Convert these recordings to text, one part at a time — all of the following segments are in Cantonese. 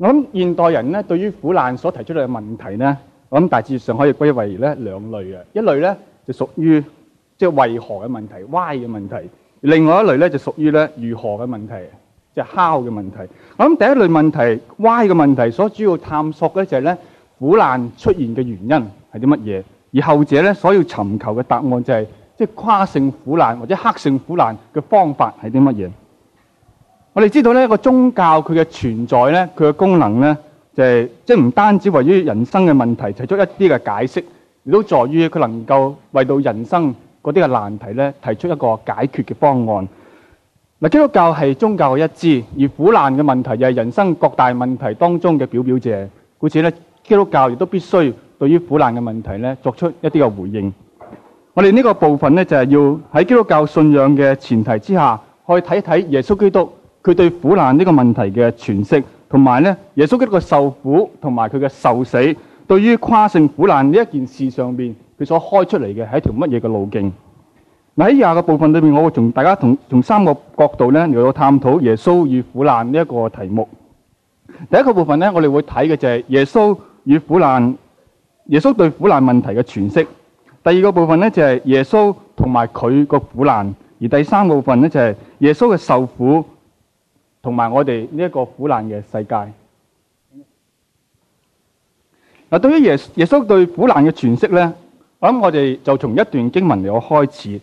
我諗現代人咧，對於苦難所提出嚟嘅問題咧，我諗大致上可以歸為咧兩類嘅。一類咧就屬於即係為何嘅問題 why 嘅問題；另外一類咧就屬於咧如何嘅問題，即係 how 嘅問題。我諗第一類問題 why 嘅問題，所主要探索嘅就係咧苦難出現嘅原因係啲乜嘢；而後者咧所要尋求嘅答案就係即係跨性苦難或者黑性苦難嘅方法係啲乜嘢。我哋知道呢，個宗教佢嘅存在呢，佢嘅功能呢，就係即係唔單止為於人生嘅問題提出一啲嘅解釋，亦都在於佢能夠為到人生嗰啲嘅難題呢，提出一個解決嘅方案。嗱，基督教係宗教嘅一支，而苦難嘅問題又係人生各大問題當中嘅表表者，故此呢，基督教亦都必須對於苦難嘅問題呢作出一啲嘅回應。我哋呢個部分呢就係要喺基督教信仰嘅前提之下，去睇睇耶穌基督。佢對苦難呢個問題嘅詮釋，同埋咧耶穌嘅一個受苦，同埋佢嘅受死，對於跨性苦難呢一件事上邊，佢所開出嚟嘅係一條乜嘢嘅路徑？嗱，喺以下個部分裏面，我會同大家從從三個角度咧嚟到探討耶穌與苦難呢一個題目。第一個部分咧，我哋會睇嘅就係耶穌與苦難，耶穌對苦難問題嘅詮釋。第二個部分咧就係耶穌同埋佢個苦難，而第三部分咧就係耶穌嘅受苦同埋我哋呢一個苦難嘅世界。嗱，對於耶耶穌對苦難嘅詮釋咧，咁我哋就從一段經文嚟開始。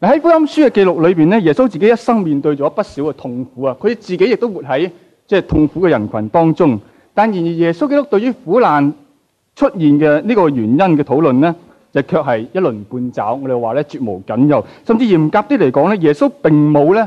嗱喺福音書嘅記錄裏邊咧，耶穌自己一生面對咗不少嘅痛苦啊，佢自己亦都活喺即係痛苦嘅人群當中。但然而，耶穌基督對於苦難出現嘅呢個原因嘅討論咧，就卻係一鱗半爪。我哋話咧，絕無僅有，甚至嚴格啲嚟講咧，耶穌並冇咧。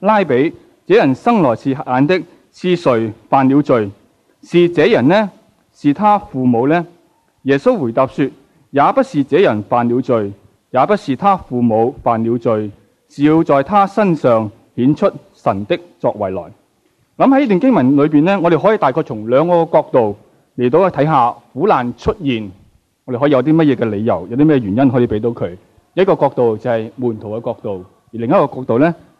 拉比，這人生來是瞎眼的，是誰犯了罪？是這人呢？是他父母呢？耶穌回答說：也不是這人犯了罪，也不是他父母犯了罪，是要在他身上顯出神的作為來。咁喺呢段經文裏邊呢，我哋可以大概從兩個角度嚟到去睇下苦難出現，我哋可以有啲乜嘢嘅理由，有啲咩原因可以俾到佢。一個角度就係門徒嘅角度，而另一個角度呢？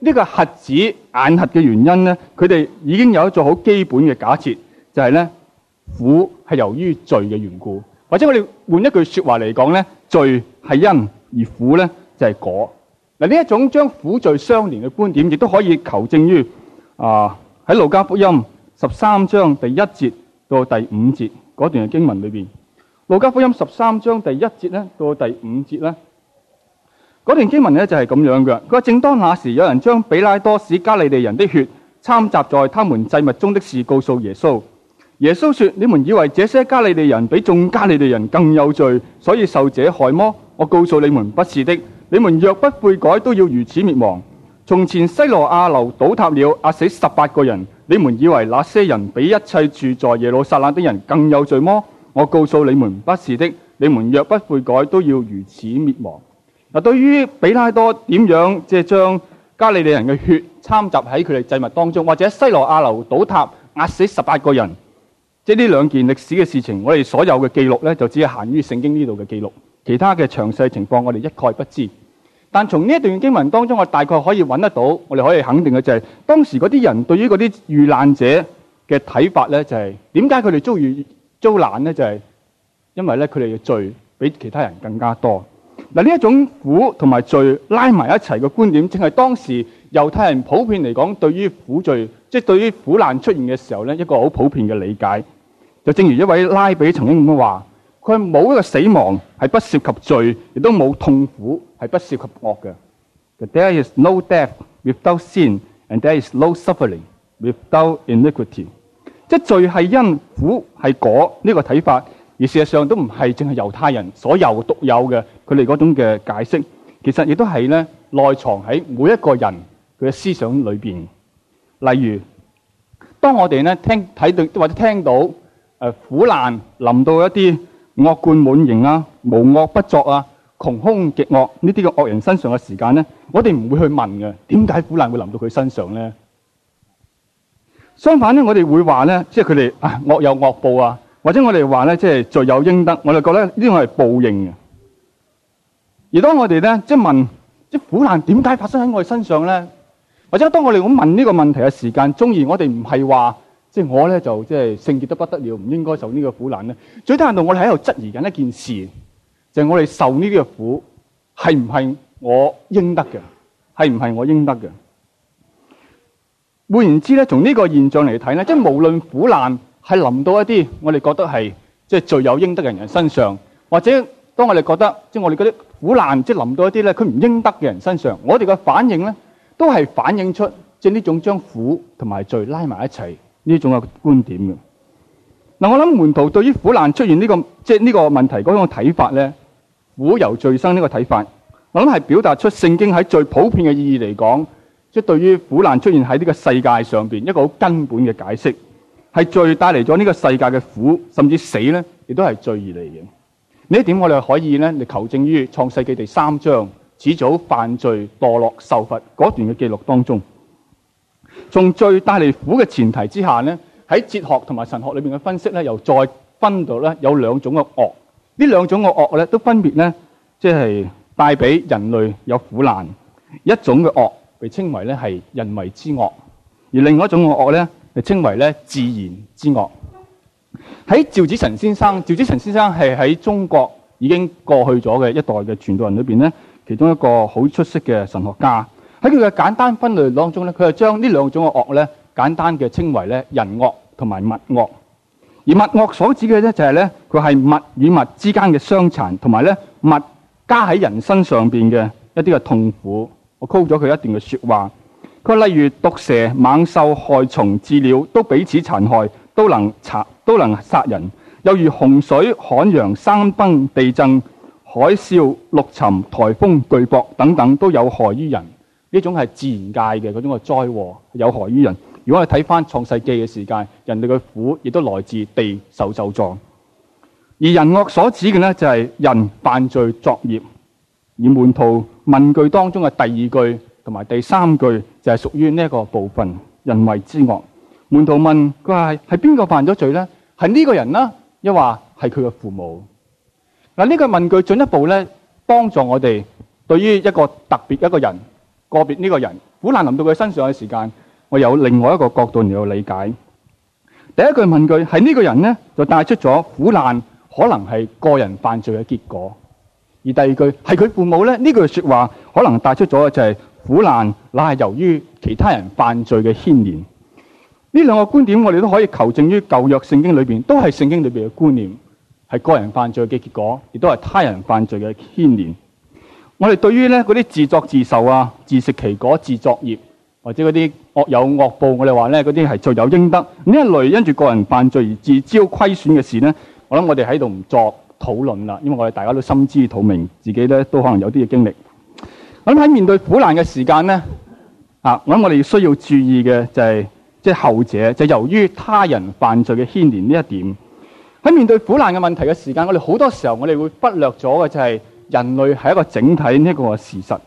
呢個核子眼核嘅原因咧，佢哋已經有一種好基本嘅假設，就係咧苦係由於罪嘅緣故，或者我哋換一句說話嚟講咧，罪係因而苦咧就係果。嗱，呢一種將苦罪相連嘅觀點，亦都可以求證於啊喺路加福音十三章第一節到第五節嗰段嘅經文裏面，路加福音十三章第一節咧到第五節咧。嗰段經文呢，就係咁樣嘅。佢話：正當那時，有人將比拉多使加利利人的血摻雜在他們祭物中的事告訴耶穌。耶穌說：你們以為這些加利利人比眾加利利人更有罪，所以受這害麼？我告訴你們不是的。你們若不悔改，都要如此滅亡。從前西羅亞樓倒塌了，壓死十八個人。你們以為那些人比一切住在耶路撒冷的人更有罪麼？我告訴你們不是的。你們若不悔改，都要如此滅亡。嗱，對於彼拉多點樣即係將加利利人嘅血參雜喺佢哋祭物當中，或者西羅亞樓倒塌壓死十八個人，即係呢兩件歷史嘅事情，我哋所有嘅記錄咧就只係限於聖經呢度嘅記錄，其他嘅詳細情況我哋一概不知。但從呢一段經文當中，我大概可以揾得到，我哋可以肯定嘅就係、是、當時嗰啲人對於嗰啲遇難者嘅睇法咧、就是，就係點解佢哋遭遇遭難咧？就係因為咧佢哋嘅罪比其他人更加多。嗱，呢一種苦同埋罪拉埋一齊嘅觀點，正係當時猶太人普遍嚟講，對於苦罪，即係對於苦難出現嘅時候咧，一個好普遍嘅理解。就正如一位拉比曾經咁話，佢冇一個死亡係不涉及罪，亦都冇痛苦係不涉及惡嘅。There is no death without sin and there is no suffering without iniquity。即係罪係因苦係果呢個睇法。而事實上都唔係淨係猶太人所有獨有嘅，佢哋嗰種嘅解釋，其實亦都係咧內藏喺每一個人佢嘅思想裏邊。例如，當我哋咧聽睇到或者聽到誒苦難臨到一啲惡貫滿盈啊、無惡不作啊、窮兇極惡呢啲嘅惡人身上嘅時間咧，我哋唔會去問嘅點解苦難會臨到佢身上咧。相反咧，我哋會話咧，即係佢哋啊惡有惡報啊。或者我哋話咧，即係罪有應得，我哋覺得呢個係報應嘅。而當我哋咧，即係問，即係苦難點解發生喺我哋身上咧？或者當我哋咁問呢個問題嘅時間，中意我哋唔係話，即係我咧就即係聖潔得不得了，唔應該受呢個苦難咧。最低限度我哋喺度質疑緊一件事，就係、是、我哋受呢啲嘅苦係唔係我應得嘅，係唔係我應得嘅？換言之咧，從呢個現象嚟睇咧，即係無論苦難。係臨到一啲我哋覺得係即係罪有應得嘅人身上，或者當我哋覺得即係、就是、我哋啲苦難即係臨到一啲咧佢唔應得嘅人身上，我哋嘅反應咧都係反映出即係呢種將苦同埋罪拉埋一齊呢種嘅觀點嘅。嗱，我諗門徒對於苦難出現呢、這個即係呢個問題嗰種睇法咧，苦由罪生呢個睇法，我諗係表達出聖經喺最普遍嘅意義嚟講，即、就、係、是、對於苦難出現喺呢個世界上面一個好根本嘅解釋。係罪帶嚟咗呢個世界嘅苦，甚至死咧，亦都係罪而嚟嘅。呢一點我哋可以咧嚟，求證於創世紀第三章始祖犯罪墮落受罰嗰段嘅記錄當中。從罪帶嚟苦嘅前提之下咧，喺哲學同埋神學裏邊嘅分析咧，又再分到咧有兩種嘅惡。呢兩種嘅惡咧，都分別咧，即係帶俾人類有苦難。一種嘅惡被稱為咧係人為之惡，而另外一種嘅惡咧。係稱為咧自然之惡。喺趙紫宸先生，趙紫宸先生係喺中國已經過去咗嘅一代嘅傳道人裏邊咧，其中一個好出色嘅神學家。喺佢嘅簡單分類當中咧，佢係將呢兩種嘅惡咧簡單嘅稱為咧人惡同埋物惡。而物惡所指嘅咧就係咧佢係物與物之間嘅傷殘，同埋咧物加喺人身上邊嘅一啲嘅痛苦。我曲咗佢一段嘅説話。佢例如毒蛇、猛獸、害蟲、鷙鳥，都彼此殘害，都能殘都能殺人。又如洪水、旱、洋、山崩、地震、海嘯、陸沉、台風、巨雹等等，都有害於人。呢種係自然界嘅嗰種嘅災禍，有害於人。如果我睇翻《創世記》嘅時間，人類嘅苦亦都來自地受咒詛。而人惡所指嘅呢，就係人犯罪作孽，而門徒問句當中嘅第二句同埋第三句。就係屬於呢一個部分，人為之惡。門徒問佢話：係邊個犯咗罪咧？係呢個人啦、啊，又話係佢嘅父母。嗱，呢個問句進一步咧，幫助我哋對於一個特別一個人、個別呢個人苦難臨到佢身上嘅時間，我有另外一個角度嚟到理解。第一句問句係呢個人咧，就帶出咗苦難可能係個人犯罪嘅結果；而第二句係佢父母咧，呢句說話可能帶出咗嘅就係、是。苦難乃係由於其他人犯罪嘅牽連。呢兩個觀點我哋都可以求證於舊約聖經裏邊，都係聖經裏邊嘅觀念，係個人犯罪嘅結果，亦都係他人犯罪嘅牽連。我哋對於咧嗰啲自作自受啊、自食其果、自作孽或者嗰啲惡有惡報，我哋話咧嗰啲係罪有應得呢一類因住個人犯罪而自招虧損嘅事呢，我諗我哋喺度唔作討論啦，因為我哋大家都心知肚明，自己咧都可能有啲嘅經歷。咁喺面對苦難嘅時間咧，啊！我諗我哋需要注意嘅就係即係後者，就是，由於他人犯罪嘅牽連呢一點。喺面對苦難嘅問題嘅時間，我哋好多時候我哋會忽略咗嘅就係人類係一個整體呢一個事實。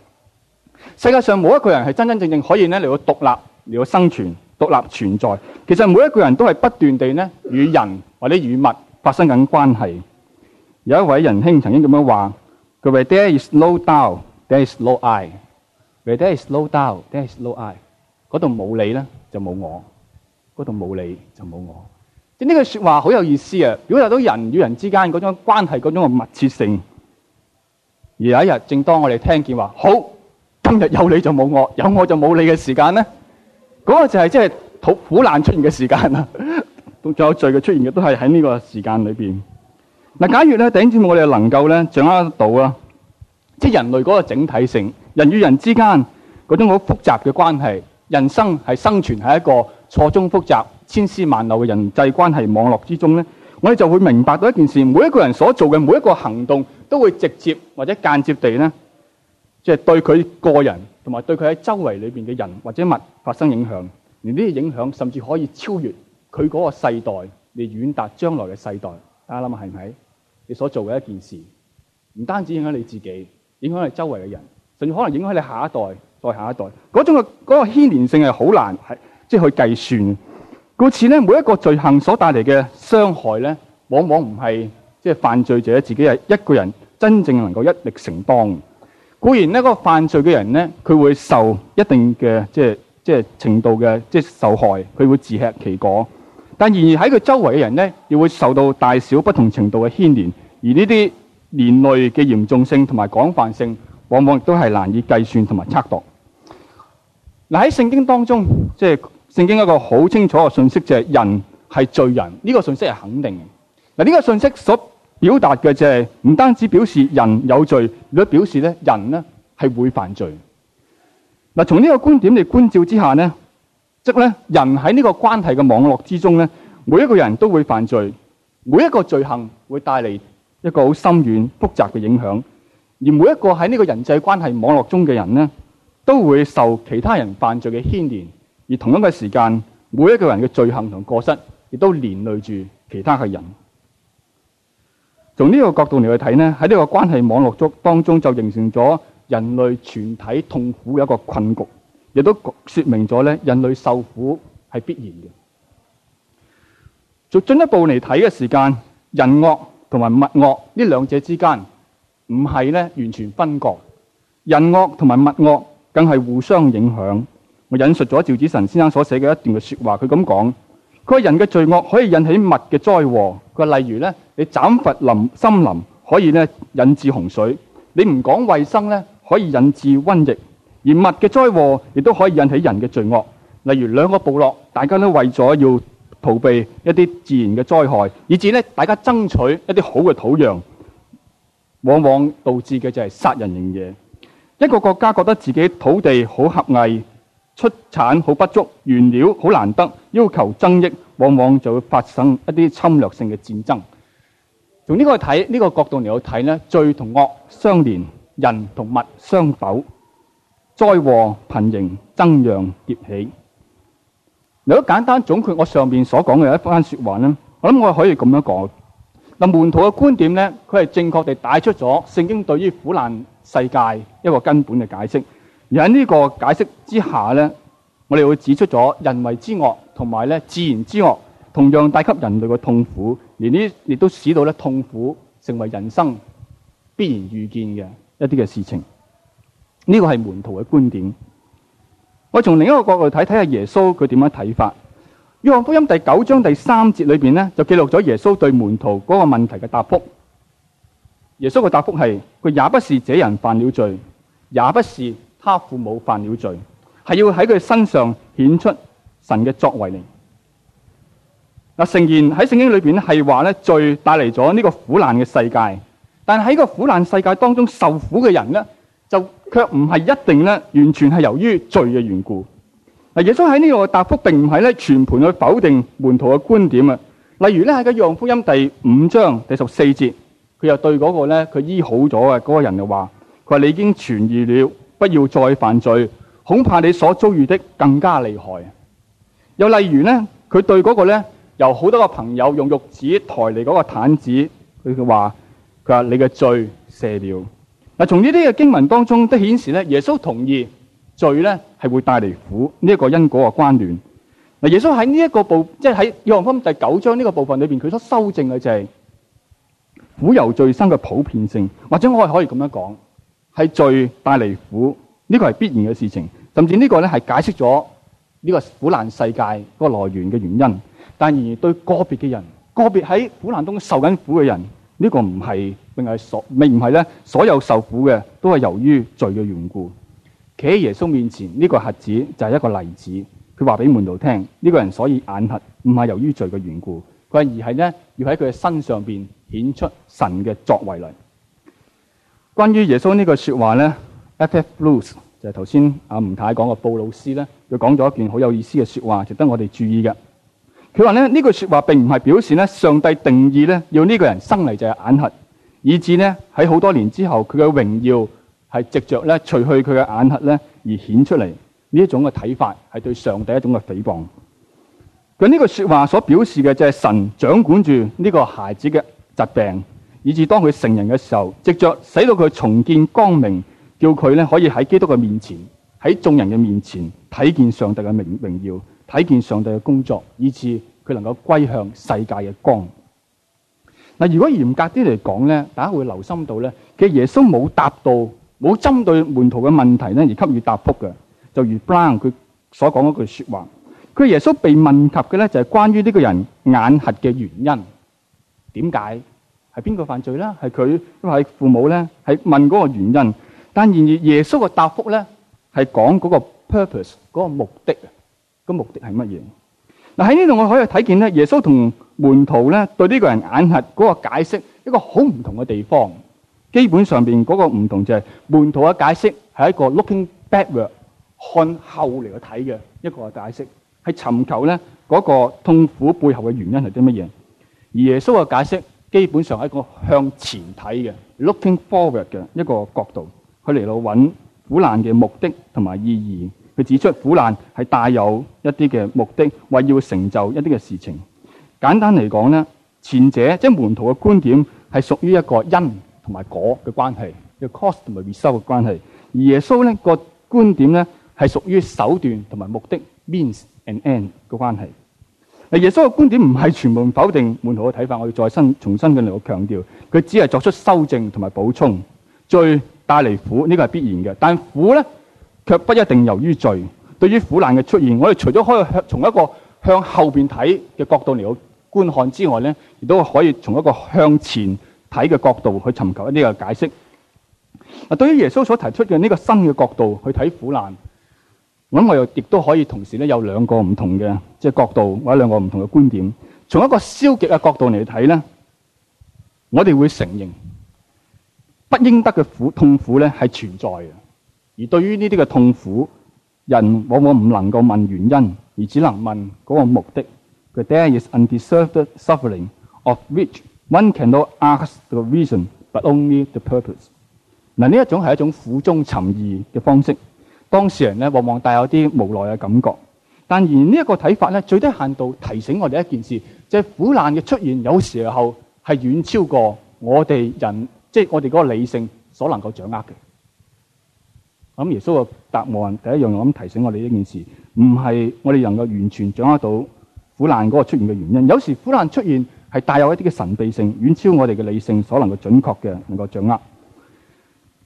世界上冇一個人係真真正正可以咧嚟到獨立嚟到生存，獨立存在。其實每一個人都係不斷地咧與人或者與物發生緊關係。有一位仁兄曾經咁樣話：佢話 There is no doubt。There is no I，或者係 there is no thou，there is no I，嗰度冇你咧就冇我，嗰度冇你就冇我。即係呢句說話好有意思啊！表達到人與人之間嗰種關係嗰種嘅密切性。而有一日，正當我哋聽見話：好，今日有你就冇我，有我就冇你嘅時間咧，嗰、嗰個就係即係苦苦難出現嘅時間啦。仲 有罪嘅出現嘅都係喺呢個時間裏邊。嗱，假如咧頂住我哋能夠咧掌握得到啦。即係人類嗰個整體性，人與人之間嗰種好複雜嘅關係，人生係生存喺一個錯綜複雜、千絲萬縷嘅人際關係網絡之中咧。我哋就會明白到一件事：每一個人所做嘅每一個行動，都會直接或者間接地咧，即係對佢個人同埋對佢喺周圍裏邊嘅人或者物發生影響。而呢啲影響甚至可以超越佢嗰個世代，而遠達將來嘅世代。大家諗下係咪？你所做嘅一件事，唔單止影響你自己。影響你周圍嘅人，甚至可能影響你下一代、再下一代嗰種嘅嗰、嗰個牽連性係好難係即係去計算。故此咧，每一個罪行所帶嚟嘅傷害咧，往往唔係即係犯罪者自己係一個人真正能夠一力承當。固然呢嗰、嗰個犯罪嘅人咧，佢會受一定嘅即係即係程度嘅即係受害，佢會自吃其果。但然而喺佢周圍嘅人咧，又會受到大小不同程度嘅牽連，而呢啲。連累嘅嚴重性同埋廣泛性，往往亦都係難以計算同埋測度。嗱喺聖經當中，即係聖經一個好清楚嘅信息，就係人係罪人。呢個信息係肯定嘅。嗱呢個信息所表達嘅就係唔單止表示人有罪，如果表示咧人咧係會犯罪。嗱從呢個觀點嚟觀照之下咧，即咧人喺呢個關係嘅網絡之中咧，每一個人都會犯罪，每一個罪行會帶嚟。一個好深遠、複雜嘅影響，而每一個喺呢個人際關係網絡中嘅人呢，都會受其他人犯罪嘅牽連；而同一個時間，每一個人嘅罪行同過失，亦都連累住其他嘅人。從呢個角度嚟去睇呢喺呢個關係網絡中當中，就形成咗人類全體痛苦嘅一個困局，亦都說明咗咧人類受苦係必然嘅。再進一步嚟睇嘅時間，人惡。同埋物惡呢兩者之間唔係咧完全分割，人惡同埋物惡更係互相影響。我引述咗趙子晨先生所寫嘅一段嘅説話，佢咁講：佢話人嘅罪惡可以引起物嘅災禍。佢話例如咧，你斬伐林森林可以咧引致洪水；你唔講衞生咧，可以引致瘟疫。而物嘅災禍亦都可以引起人嘅罪惡。例如兩個部落，大家都為咗要逃避一啲自然嘅災害，以至咧大家爭取一啲好嘅土壤，往往導致嘅就係殺人型嘢。一個國家覺得自己土地好狹隘，出產好不足，原料好難得，要求增益，往往就會發生一啲侵略性嘅戰爭。從呢個睇，呢個角度嚟去睇咧，罪同惡相連，人同物相否，災禍頻仍，爭讓迭起。如果簡單總括我上面所講嘅一番説話咧，我諗我可以咁樣講。嗱，門徒嘅觀點咧，佢係正確地帶出咗聖經對於苦難世界一個根本嘅解釋。而喺呢個解釋之下咧，我哋會指出咗人為之惡同埋咧自然之惡，同樣帶給人類嘅痛苦。而呢，亦都使到咧痛苦成為人生必然遇見嘅一啲嘅事情。呢個係門徒嘅觀點。我從另一個角度睇，睇下耶穌佢點樣睇法。《約翰福音》第九章第三節裏邊咧，就記錄咗耶穌對門徒嗰個問題嘅答覆耶穌嘅答覆係佢也不是這人犯了罪，也不是他父母犯了罪，係要喺佢身上顯出神嘅作為嚟。嗱，誠然喺聖經裏邊咧係話咧罪帶嚟咗呢個苦難嘅世界，但喺個苦難世界當中受苦嘅人咧就卻唔係一定咧，完全係由於罪嘅緣故。嗱，耶穌喺呢個答復，並唔係咧全盤去否定門徒嘅觀點啊。例如咧喺個約翰福音第五章第十四節，佢又對嗰、那個咧佢醫好咗嘅嗰個人就話：佢話你已經痊癒了，不要再犯罪，恐怕你所遭遇的更加厲害。又例如咧，佢對嗰、那個咧由好多個朋友用褥子抬嚟嗰個毯子，佢就話佢話你嘅罪赦了。嗱，從呢啲嘅經文當中都顯示咧，耶穌同意罪咧係會帶嚟苦呢一個因果嘅關聯。嗱，耶穌喺呢一個部，即係喺約翰福音第九章呢個部分裏邊，佢所修正嘅就係苦由罪生嘅普遍性，或者我可以咁樣講，係罪帶嚟苦呢個係必然嘅事情，甚至呢個咧係解釋咗呢個苦難世界個來源嘅原因。但而對個別嘅人，個別喺苦難中受緊苦嘅人。呢個唔係，並係所，未唔係咧？所有受苦嘅都係由於罪嘅緣故。企喺耶穌面前呢、這個瞎子就係一個例子。佢話俾門徒聽：呢、這個人所以眼瞎唔係由於罪嘅緣故，佢而係咧要喺佢嘅身上邊顯出神嘅作為嚟。關於耶穌呢句説話咧，F F 布魯斯就係頭先阿吳太講嘅布魯斯咧，佢講咗一件好有意思嘅説話，值得我哋注意嘅。佢話咧，呢句說話並唔係表示咧上帝定意咧要呢個人生嚟就係眼核，以至呢喺好多年之後，佢嘅榮耀係藉着咧除去佢嘅眼核咧而顯出嚟，呢一種嘅睇法係對上帝一種嘅誹謗。佢呢句說話所表示嘅就係神掌管住呢個孩子嘅疾病，以至當佢成人嘅時候，藉着使到佢重見光明，叫佢咧可以喺基督嘅面前，喺眾人嘅面前睇見上帝嘅榮耀。睇見上帝嘅工作，以致佢能夠歸向世界嘅光。嗱，如果嚴格啲嚟講咧，大家會留心到咧，其實耶穌冇答到，冇針對門徒嘅問題咧而給予答復嘅，就如布朗佢所講嗰句說話。佢耶穌被問及嘅咧，就係關於呢個人眼核嘅原因，點解係邊個犯罪啦？係佢，因為係父母咧，係問嗰個原因。但然而耶穌嘅答復咧係講嗰個 purpose 嗰個目的啊。個目的係乜嘢？嗱，喺呢度我可以睇見咧，耶穌同門徒咧對呢個人眼核嗰個解釋一個好唔同嘅地方。基本上邊嗰個唔同就係門徒嘅解釋係一個 looking backward，看後嚟去睇嘅一個解釋，係尋求咧嗰個痛苦背後嘅原因係啲乜嘢。而耶穌嘅解釋基本上係一個向前睇嘅 looking forward 嘅一個角度，佢嚟到揾苦難嘅目的同埋意義。佢指出苦難係帶有一啲嘅目的，為要成就一啲嘅事情。簡單嚟講咧,前者即係門徒嘅觀點係屬於一個因同埋果嘅關係，個 cost 同埋回收嘅關係；而耶穌咧個觀點咧係屬於手段同埋目的 （means and end） 嘅關係。啊，耶穌嘅觀點唔係全部否定門徒嘅睇法，我要再新重新嘅嚟個強調，佢只係作出修正同埋補充。最帶嚟苦呢個係必然嘅，但苦咧，卻不一定由於罪。對於苦難嘅出現，我哋除咗可以向從一個向後邊睇嘅角度嚟去觀看之外咧，亦都可以從一個向前睇嘅角度去尋求一啲嘅解釋。嗱，對於耶穌所提出嘅呢個新嘅角度去睇苦難，我我又亦都可以同時咧有兩個唔同嘅即係角度或者兩個唔同嘅觀點。從一個消極嘅角度嚟睇咧，我哋會承認不應得嘅苦痛苦咧係存在嘅。而對於呢啲嘅痛苦，人往往唔能夠問原因，而只能問嗰個目的。佢 there is undeserved suffering of which one cannot ask the reason, but only the purpose。嗱，呢一種係一種苦中尋意嘅方式，當事人咧往往帶有啲無奈嘅感覺，但而呢一個睇法咧，最低限度提醒我哋一件事，即係苦難嘅出現有時候係遠超過我哋人，即係我哋嗰個理性所能夠掌握嘅。咁耶穌個答案第一樣咁提醒我哋呢件事，唔係我哋能夠完全掌握到苦難嗰個出現嘅原因。有時苦難出現係帶有一啲嘅神秘性，遠超我哋嘅理性所能夠準確嘅能夠掌握。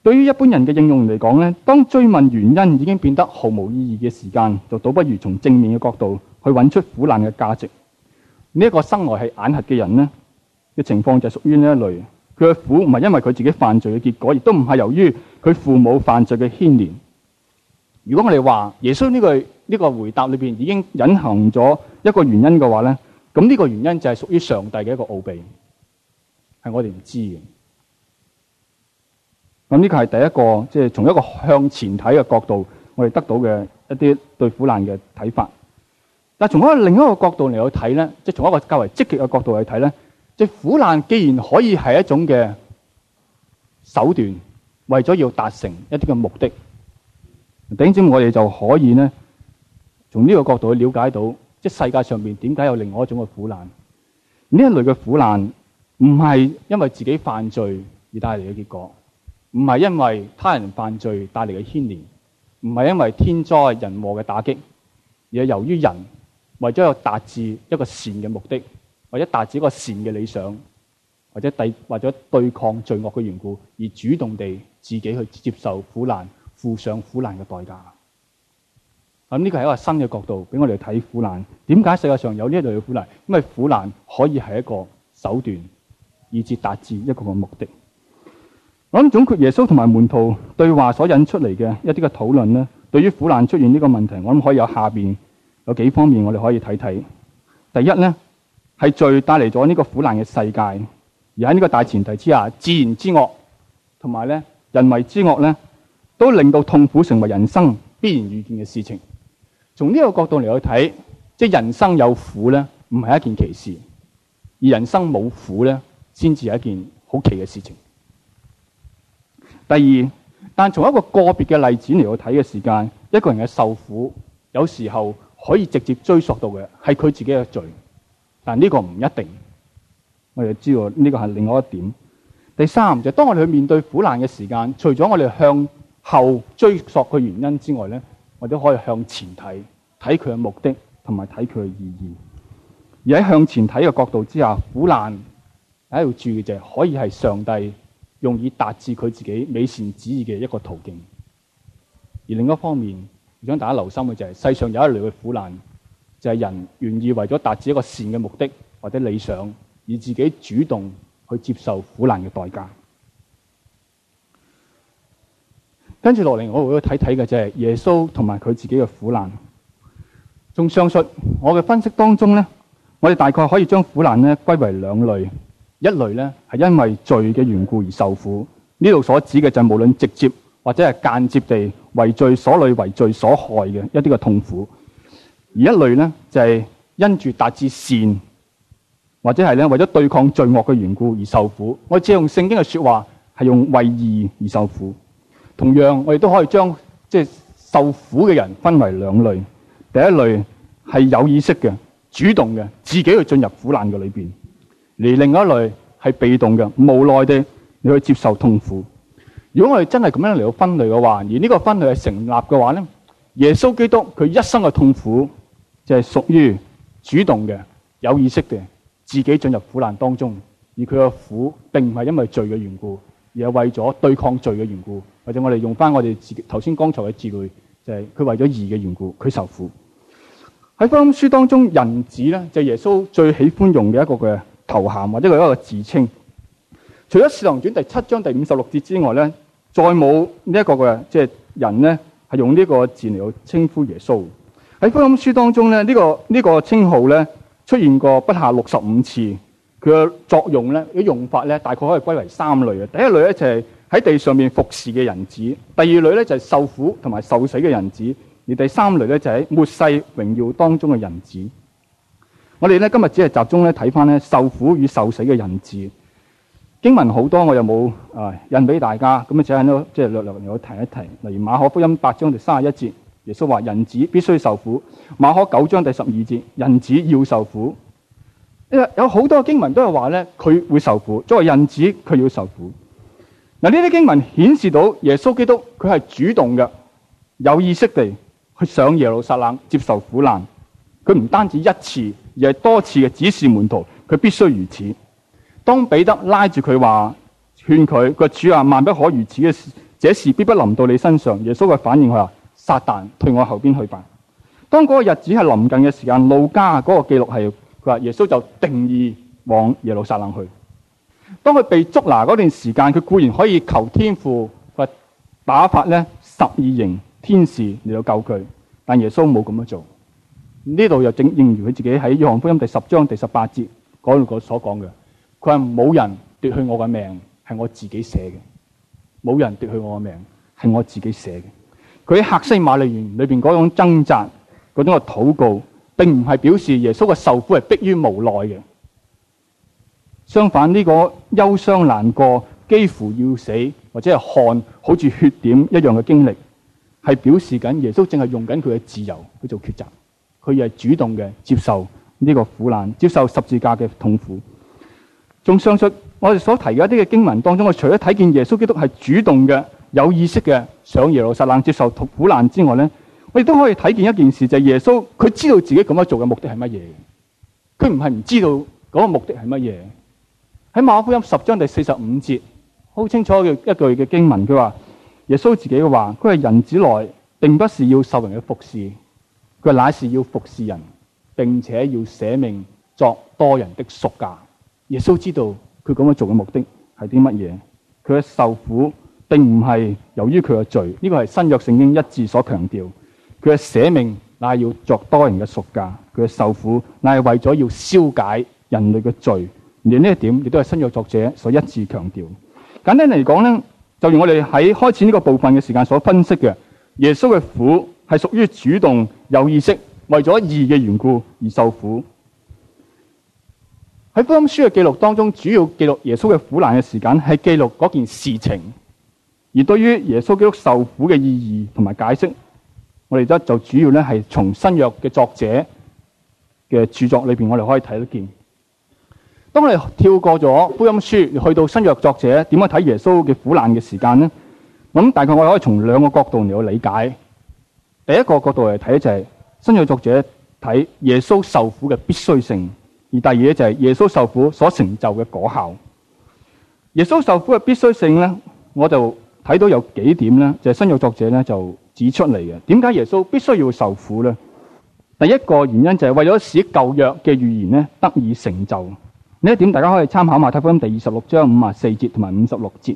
對於一般人嘅應用嚟講咧，當追問原因已經變得毫無意義嘅時間，就倒不如從正面嘅角度去揾出苦難嘅價值。呢一個生來係眼核嘅人咧嘅情況就屬於呢一類，佢嘅苦唔係因為佢自己犯罪嘅結果，亦都唔係由於。佢父母犯罪嘅牽連，如果我哋話耶穌呢句呢個回答裏邊已經隱含咗一個原因嘅話咧，咁呢個原因就係屬於上帝嘅一個奧秘，係我哋唔知嘅。咁呢個係第一個，即係從一個向前睇嘅角度，我哋得到嘅一啲對苦難嘅睇法。但係從一個另一個角度嚟去睇咧，即係從一個較為積極嘅角度去睇咧，即係苦難既然可以係一種嘅手段。為咗要達成一啲嘅目的，等陣我哋就可以呢，從呢個角度去了解到，即係世界上面點解有另外一種嘅苦難？呢一類嘅苦難唔係因為自己犯罪而帶嚟嘅結果，唔係因為他人犯罪帶嚟嘅牽連，唔係因為天災人禍嘅打擊，而係由於人為咗要達至一個善嘅目的，或者達至一個善嘅理想。或者對或者對抗罪惡嘅緣故，而主動地自己去接受苦難，付上苦難嘅代價。咁呢個係一個新嘅角度，俾我哋睇苦難。點解世界上有呢類嘅苦難？因為苦難可以係一個手段，以至達至一個嘅目的。我諗總括耶穌同埋門徒對話所引出嚟嘅一啲嘅討論呢，對於苦難出現呢個問題，我諗可以有下邊有幾方面，我哋可以睇睇。第一咧，係罪帶嚟咗呢個苦難嘅世界。而喺呢個大前提之下，自然之惡同埋咧人為之惡咧，都令到痛苦成為人生必然遇見嘅事情。從呢個角度嚟去睇，即係人生有苦咧，唔係一件奇事；而人生冇苦咧，先至係一件好奇嘅事情。第二，但從一個個別嘅例子嚟去睇嘅時間，一個人嘅受苦有時候可以直接追溯到嘅係佢自己嘅罪，但呢個唔一定。我哋知道呢個係另外一點。第三就係、是、當我哋去面對苦難嘅時間，除咗我哋向後追溯佢原因之外咧，我哋都可以向前睇，睇佢嘅目的同埋睇佢嘅意義。而喺向前睇嘅角度之下，苦難喺度注嘅就係可以係上帝用以達至佢自己美善旨意嘅一個途徑。而另一方面，我想大家留心嘅就係、是、世上有一類嘅苦難，就係、是、人願意為咗達至一個善嘅目的或者理想。以自己主動去接受苦難嘅代價。跟住落嚟，我會去睇睇嘅就係耶穌同埋佢自己嘅苦難。仲相述，我嘅分析當中咧，我哋大概可以將苦難咧歸為兩類。一類咧係因為罪嘅緣故而受苦，呢度所指嘅就係無論直接或者係間接地為罪所累、為罪所害嘅一啲嘅痛苦。而一類咧就係因住達至善。或者係咧，為咗對抗罪惡嘅緣故而受苦。我只用聖經嘅說話係用為義而受苦。同樣，我哋都可以將即係受苦嘅人分為兩類。第一類係有意識嘅、主動嘅，自己去進入苦難嘅裏面；而另一類係被動嘅、無奈嘅，你去接受痛苦。如果我哋真係咁樣嚟到分類嘅話，而呢個分類係成立嘅話咧，耶穌基督佢一生嘅痛苦就係屬於主動嘅、有意識嘅。自己進入苦難當中，而佢嘅苦並唔係因為罪嘅緣故，而係為咗對抗罪嘅緣故，或者我哋用翻我哋自己頭先剛才嘅字句，就係、是、佢為咗義嘅緣故，佢受苦。喺福音書當中，人子咧就係耶穌最喜歡用嘅一個嘅頭銜或者係一個自稱。除咗《使徒行傳》第七章第五十六節之外咧，再冇呢一個嘅即係人咧係用呢個字嚟去稱呼耶穌。喺福音書當中咧，這個這個、稱呢個呢個稱號咧。出現過不下六十五次，佢嘅作用咧，啲用法咧，大概可以歸為三類啊。第一類咧就係喺地上面服侍嘅人子；第二類咧就係受苦同埋受死嘅人子；而第三類咧就喺末世榮耀當中嘅人子。我哋咧今日只係集中咧睇翻咧受苦與受死嘅人子經文好多，我又冇誒印俾大家，咁啊只係即係略略嚟，我提一提，例如馬可福音八章第三十一節。耶穌話：人子必須受苦。馬可九章第十二節，人子要受苦。因為有好多經文都係話咧，佢會受苦，作為人子佢要受苦。嗱，呢啲經文顯示到耶穌基督佢係主動嘅，有意識地去上耶路撒冷接受苦難。佢唔單止一次，而係多次嘅指示門徒，佢必須如此。當彼得拉住佢話勸佢個主啊，萬不可如此嘅事，這事必不臨到你身上。耶穌嘅反應佢話。撒但退我後邊去辦。當嗰個日子係臨近嘅時間，路加嗰個記錄係佢話耶穌就定意往耶路撒冷去。當佢被捉拿嗰段時間，佢固然可以求天父，佢話打發咧十二營天使嚟到救佢，但耶穌冇咁樣做。呢度又正應如佢自己喺《約翰福音》第十章第十八節嗰度所講嘅，佢話冇人奪去我嘅命，係我自己捨嘅。冇人奪去我嘅命，係我自己捨嘅。佢喺《客西馬尼園》裏邊嗰種掙扎、嗰種嘅禱告，並唔係表示耶穌嘅受苦係迫於無奈嘅。相反，呢個憂傷難過、幾乎要死或者係汗好似血點一樣嘅經歷，係表示緊耶穌正係用緊佢嘅自由去做抉擇。佢又係主動嘅接受呢個苦難，接受十字架嘅痛苦。仲上述我哋所提嘅一啲嘅經文當中，我除咗睇見耶穌基督係主動嘅。有意識嘅上耶路撒冷接受苦苦難之外咧，我哋都可以睇見一件事，就係、是、耶穌佢知道自己咁樣做嘅目的係乜嘢，佢唔係唔知道嗰個目的係乜嘢。喺馬可福音十章第四十五節，好清楚嘅一句嘅經文，佢話耶穌自己嘅話，佢係人子來並不是要受人嘅服侍。佢乃是要服侍人，並且要捨命作多人的贖價。耶穌知道佢咁樣做嘅目的係啲乜嘢，佢係受苦。並唔係由於佢嘅罪，呢個係新約聖經一致所強調。佢嘅捨命，乃係要作多人嘅贖價；佢嘅受苦，乃係為咗要消解人類嘅罪。連呢一點也是，亦都係新約作者所一致強調。簡單嚟講咧，就如我哋喺開始呢個部分嘅時間所分析嘅，耶穌嘅苦係屬於主動、有意識為咗義嘅緣故而受苦。喺福音書嘅記錄當中，主要記錄耶穌嘅苦難嘅時間，係記錄嗰件事情。而對於耶穌基督受苦嘅意義同埋解釋，我哋就主要咧係從新約嘅作者嘅著作裏邊，我哋可以睇得見。當我哋跳過咗福音書，去到新約作者，點樣睇耶穌嘅苦難嘅時間咧？咁大概我哋可以從兩個角度嚟去理解。第一個角度嚟睇就係新約作者睇耶穌受苦嘅必須性，而第二就係耶穌受苦所成就嘅果效。耶穌受苦嘅必須性咧，我就。睇到有幾點咧，就係、是、新約作者咧就指出嚟嘅。點解耶穌必須要受苦咧？第一個原因就係為咗使舊約嘅預言咧得以成就。呢一點大家可以參考埋《馬太福音》第二十六章五十四節同埋五十六節。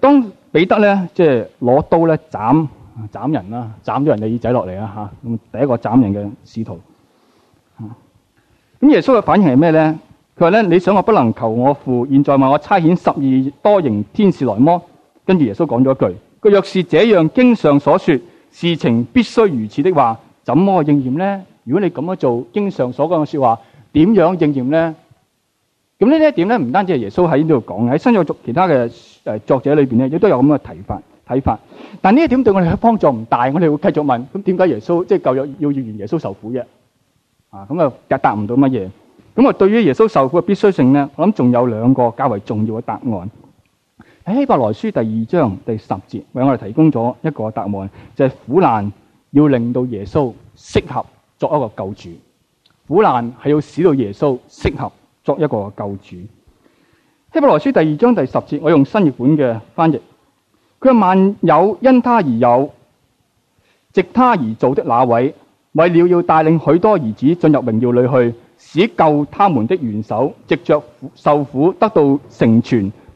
當當彼得咧即係攞刀咧斬斬人啦，斬咗人哋耳仔落嚟啊！吓，咁，第一個斬人嘅使徒。咁耶穌嘅反應係咩咧？佢話咧：你想我不能求我父現在問我差遣十二多型天使來麼。」跟住耶穌講咗一句：，佢若是這樣，經上所說事情必須如此的話，怎麼應驗咧？如果你咁樣做，經上所講嘅說的話，點樣應驗咧？咁呢一點咧，唔單止係耶穌喺度講嘅，喺新約族其他嘅，誒作者裏邊咧，亦都有咁嘅提法睇法。但呢一點對我哋嘅幫助唔大，我哋會繼續問：，咁點解耶穌即係、就是、舊約要預言耶穌受苦嘅？啊，咁啊達達唔到乜嘢？咁啊，對於耶穌受苦嘅必須性咧，我諗仲有兩個較為重要嘅答案。喺希伯來書第二章第十節，為我哋提供咗一個答案，就係、是、苦難要令到耶穌適合作一個救主，苦難係要使到耶穌適合作一個救主。希伯來書第二章第十節，我用新譯本嘅翻譯，佢話，萬有因他而有，藉他而造的那位，為了要帶領許多兒子進入榮耀裏去，使救他們的元首藉着受苦得到成全。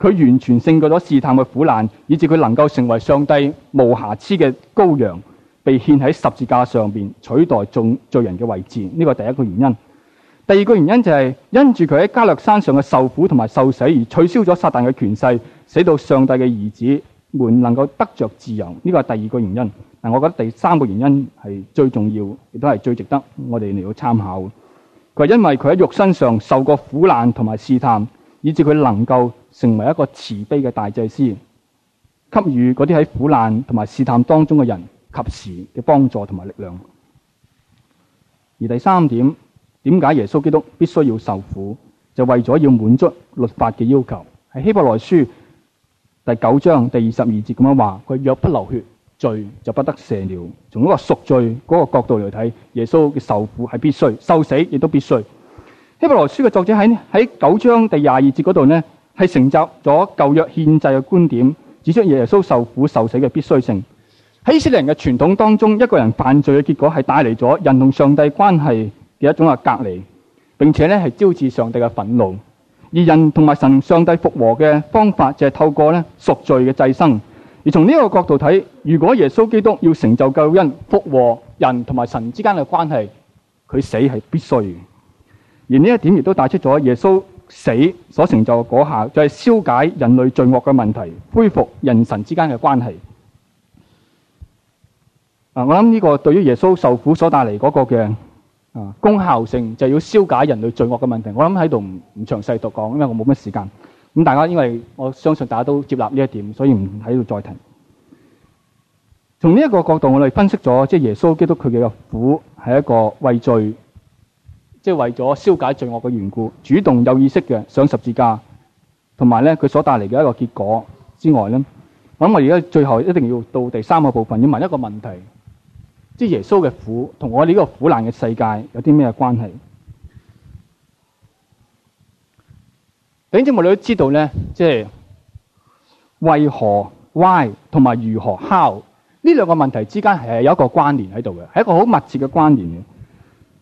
佢完全勝過咗試探嘅苦難，以致佢能夠成為上帝無瑕疵嘅羔羊，被獻喺十字架上邊取代眾罪人嘅位置。呢個第一個原因。第二個原因就係因住佢喺加略山上嘅受苦同埋受死而取消咗撒旦嘅權勢，使到上帝嘅兒子們能夠得着自由。呢個係第二個原因。但我覺得第三個原因係最重要，亦都係最值得我哋嚟到參考。佢係因為佢喺肉身上受過苦難同埋試探，以致佢能夠。成為一個慈悲嘅大祭司，給予嗰啲喺苦難同埋試探當中嘅人及時嘅幫助同埋力量。而第三點，點解耶穌基督必須要受苦？就為咗要滿足律法嘅要求。喺希伯來書第九章第二十二節咁樣話：佢若不流血，罪就不得赦了。從嗰個贖罪嗰個角度嚟睇，耶穌嘅受苦係必須，受死亦都必須。希伯來書嘅作者喺喺九章第二十二節嗰度呢？係成就咗舊約獻祭嘅觀點，指出耶穌受苦受死嘅必須性。喺以色列人嘅傳統當中，一個人犯罪嘅結果係帶嚟咗人同上帝關係嘅一種嘅隔離，並且咧係招致上帝嘅憤怒。而人同埋神上帝復和嘅方法就係透過咧贖罪嘅祭牲。而從呢一個角度睇，如果耶穌基督要成就救恩、復和人同埋神之間嘅關係，佢死係必須嘅。而呢一點亦都帶出咗耶穌。死所成就嗰下就係消解人類罪惡嘅問題，恢復人神之間嘅關係。啊，我諗呢個對於耶穌受苦所帶嚟嗰個嘅啊功效性，就係要消解人類罪惡嘅問題。我諗喺度唔詳細讀講，因為我冇乜時間。咁大家因為我相信大家都接納呢一點，所以唔喺度再提。從呢一個角度我哋分析咗，即係耶穌基督佢嘅苦係一個為罪。即係為咗消解罪惡嘅緣故，主動有意識嘅上十字架，同埋咧佢所帶嚟嘅一個結果之外咧，我諗我而家最後一定要到第三個部分，要問一個問題：即係耶穌嘅苦同我哋呢個苦難嘅世界有啲咩關係？弟兄我哋都知道咧，即係為何 why 同埋如何 how 呢兩個問題之間係有一個關聯喺度嘅，係一個好密切嘅關聯嘅。